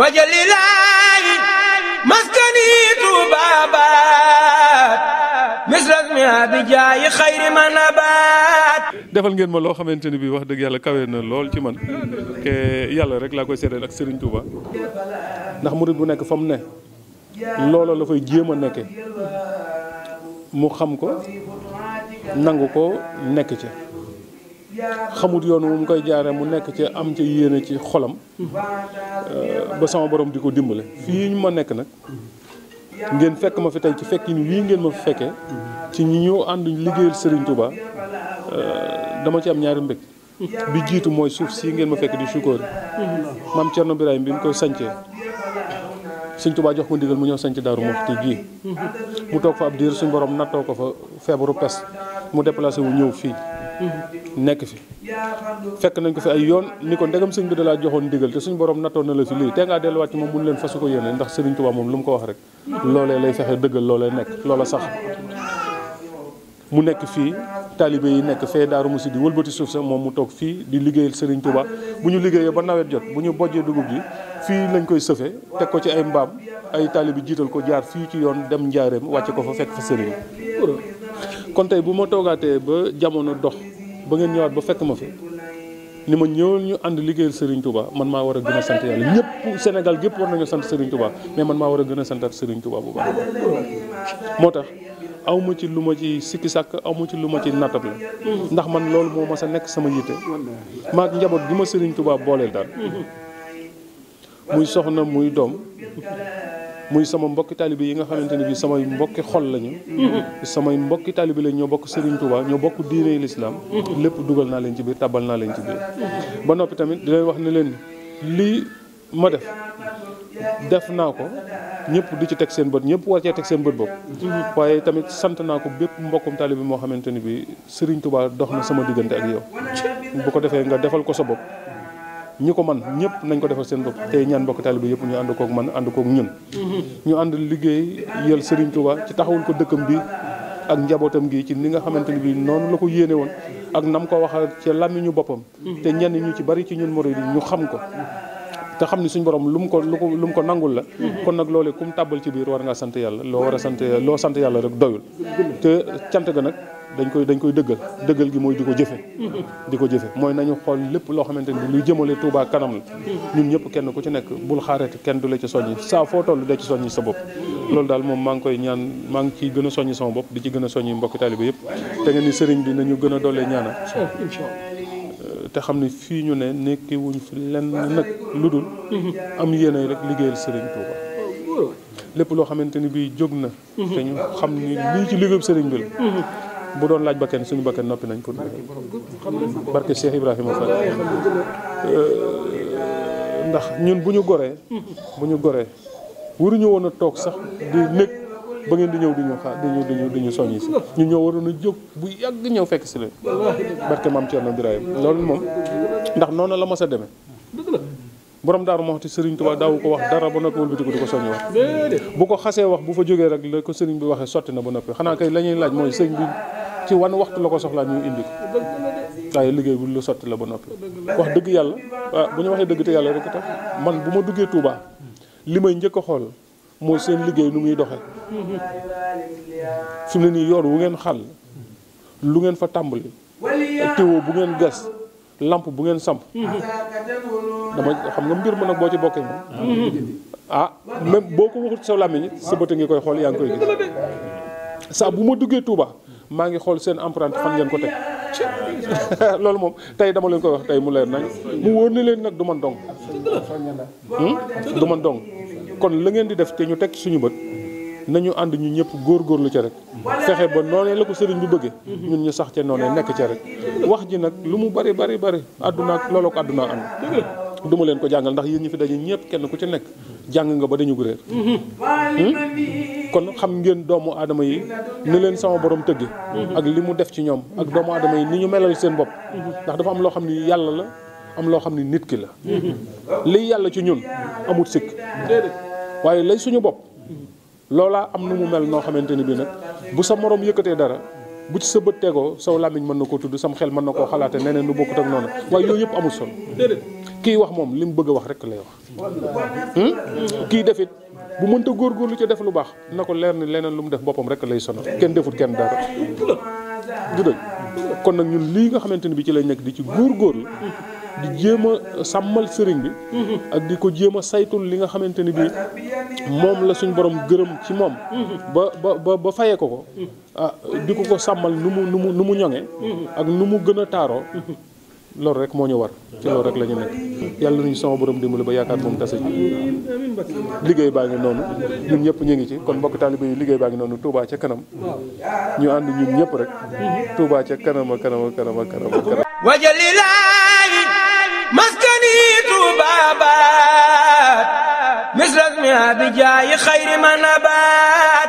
wajalilaahi maskani tubaabaat misras mi abijaayi xayri man abaat defal ngeen ma loo xamante ni bii wax dëgg yàlla kawe na lool ci man te yàlla rek laa koy seedeel ak Serigne Touba ndax murid bu nekk fa mu ne loola la fay jéem a nekke mu xam ko nangu ko nekk ci xamut yoon wu mu koy jaaree mu nekk ci am ci yéene ci xolam euh, ba sama boroom di ko dimbale fii ma nekk nag ngeen fekk ma fi tey ci fekk yi ngeen ma fi fekkee ci ñi ñëw ànd liggéeyal Serigne Touba euh, dama ci am ñaari mbég bi jiitu mooy suuf si ngeen ma fekk di sukkoor maam Thierno Birahim bi mu koy sancee Sëñ Touba jox ko ndigal mu ñëw sanc Daaru Muxti ji mu toog fa ab diir suñ borom nattoo ko fa feebaru pes mu déplacé wu ñëw fii nekk fi fekk nañ ko fi ay yoon ni ko ndegam sëñ bi da laa joxoon ndigal te suñ borom nattoon na la fi lii te ngaa delluwaat ci moom mun leen fasu ko yéene ndax Sëriñ Tuubaa moom lu mu ko wax rek loolee lay fexe dëggal loolee nekk loola sax mu nekk fii taalibe yi nekk fee daaru musi di wëlbati suuf sa moom mu toog fii di liggéeyal Sëriñ Tuubaa bu ñu liggéeyee ba nawet jot bu ñu bojjee dugub ji fii lañ koy sëfe teg ko ci ay mbaam ay taalibe jiital ko jaar fii ci yoon dem njaareem wàcce ko fa fekk fa sëriñ tey bu ma toogaatee ba jamono dox ba ngeen ñëwaat ba fekk ma fi ni ma ñëwal ñu ànd liggéeyal Serigne tubaa man maa war a gën a sant yàlla ñëpp Sénégal gépp war nañu sant Serigne Touba mais man maa war a gën a santaat Serigne Touba bu baax moo tax aw ma ci lu ma ci sikki sàkk aw ma ci lu ma ci nattab la ndax man loolu moo ma sa nekk sama yitte maag njaboot bi ma Serigne Touba booleel daal muy soxna muy doom muy sama mbokki taalibe yi nga xamante ne bi samay mbokki xol lañu samay mbokki taalibe lañu ñoo bokk Serigne Touba ñoo bokk diine l'islam lépp dugal naa leen ci biir tabal naa leen ci biir ba noppi tamit di leen wax ne leen lii ma def def naa ko ñëpp di ci teg seen bët ñëpp war cee teg seen bët bopp waaye tamit sant naa ko bépp mbokkum taalibe moo xamante ni bi Serigne Touba dox na sama diggante ak yow bu ko defee nga defal ko sa bopp ñi ko man ñëpp nañ ko defal seen bopp tey ñaan mbokk taalibe yëpp ñu ànd koog man ànd koog ñun ñu ànd liggéey yël Serigne Touba ci taxawul ko dëkkam bi ak njabootam gi ci ni nga xamante ni bi noonu la ko yéene woon ak nam ko wax ci ñu boppam te ñenn ñu ci bari ci ñun murid yi ñu xam ko te xam ni suñu borom lu mu ko lu ko lu mu ko nangul la kon nag loole kum tàbbal ci biir war ngaa sant yàlla loo war a sant loo sant yàlla rek doyul te cant ga nag dañ koy dañ koy dëggal dëggal gi mooy di ko jëfe di ko jëfe mooy nañu xool lépp loo xamante ni luy jëmale Touba kanam la ñun ñëpp kenn ku ci nekk bul xaarati kenn du la ci soññi saa foo toll da ci soññi sa bopp loolu daal moom maa ngi koy ñaan maa ngi ciy gën a soññi sama bopp di ci gën a soññi mbokki taalibe yëpp te nga ni sëriñ bi nañu gën a doolee ñaana te xam ne fii ñu ne nekki wuñ fi lenn nag lu dul am yéene rek liggéeyal sëriñ Touba lépp loo xamante ni bii jóg na te ñu xam ni lii ci liggéeyu sëriñ bi la bu doon laaj ba bakkan suñu bakkan noppi nañ pour barke Cheikh Ibrahima Fall euh, ndax ñun bu ñu goree bu ñu goree waruñu woon a toog sax di nekk ba ngeen di ñëw di ñu xaar di ñu di ñu di ñu soññi si ñun ñoo waroon a jóg bu yàgg ñëw fekk si leen barke maam Thierno Birahim loolu moom ndax noonu la mos a demee borom daaru moo xam te Serigne Touba daawu ko wax dara ba noppi wëlbati ko di ko soññ bu ko xasee wax bu fa jógee rek la ko Serigne bi waxee sotti na ba noppi xanaa kay la ñuy laaj mooy Serigne bi ci wan waxtu la ko soxlaa mu indi ko waaye liggéey bu lu sotti la ba noppi wax dëgg yàlla waaw bu ñu waxee dëgg te yàlla rekk tax man bu ma duggee Touba li may njëkk a xool mooy seen liggéey nu muy doxee su mu wu ngeen xàll lu ngeen fa tàmbali téwo bu ngeen gas lamp bu ngeen samp xam nga mbir ma nag boo ci bokkee moom ah boo ko waxut sa sa bët a koy xool yaa duggee Touba maa ngi xool seen empreinte fan ngeen ko teg loolu moom tey dama leen koy wax tey mu leer nañ mu wóor ni leen nag du man dong hmm? du man dong kon la ngeen di def te ñu teg suñu bët nañu ànd ñu ñëpp góorgóorlu ca rek fexe ba noonee la ko sëriñ bi bëggee ñun ñu sax ca noonee nekk ca rek wax ji nag lu mu bari bari bari àdduna looloo ko àdduna am duma leen ko jàngal ndax yéen ñi fi daje ñëpp kenn ku ci nekk jàng nga ba dañu ko kon xam ngeen doomu aadama yi ni leen sama borom tëgge ak li mu def ci ñoom ak doomu adama yi ni ñu melal seen bopp ndax dafa am loo xam ni yàlla la am loo xam ni nit ki la liy yàlla ci ñun amut sikk waaye lay suñu bopp loolaa am nu mu mel noo xamante ni bi nag bu sa moroom yëkkatee dara bu ci sa bët tegoo saw làmmiñ mën na koo tudd sama xel mën na koo xalaate neneen lu bokkut ak noonu waaye yooyu yëpp amul solo kii wax moom li mu bëgg a wax rek lay wax hmm? kii defit bu mënta góorgóorlu ci def lu baax na ko leer ni leneen lu mu def boppam rek lay sonal kenn defut kenn dara du dëgg kon nag ñun lii nga xamante ni bi ci lay nekk di ci góorgóorlu di jéem a sàmmal sëriñ bi. ak di ko jéem a saytul li nga xamante ni bii moom la suñ borom gërëm ci moom. ba ba ba fayee ko ko. ah di ko ko sàmmal nu mu nu mu nu mu ñoŋee. ak nu mu gën a taaroo. loolu rek moo ñu war ci loolu rek la ñu nekk yàlla nañu sama borom dimbali ba yaakaar moom tase liggéey baa ngi noonu ñun ñëpp ñu ngi ci kon mbokk taalibe yi liggéey baa ngi noonu Touba ca kanam ñu ànd ñun ñëpp rek Touba ca kanam a kanam a kanam a kanam a maskani Touba baat misras mi abijaayi xayri ma nabaat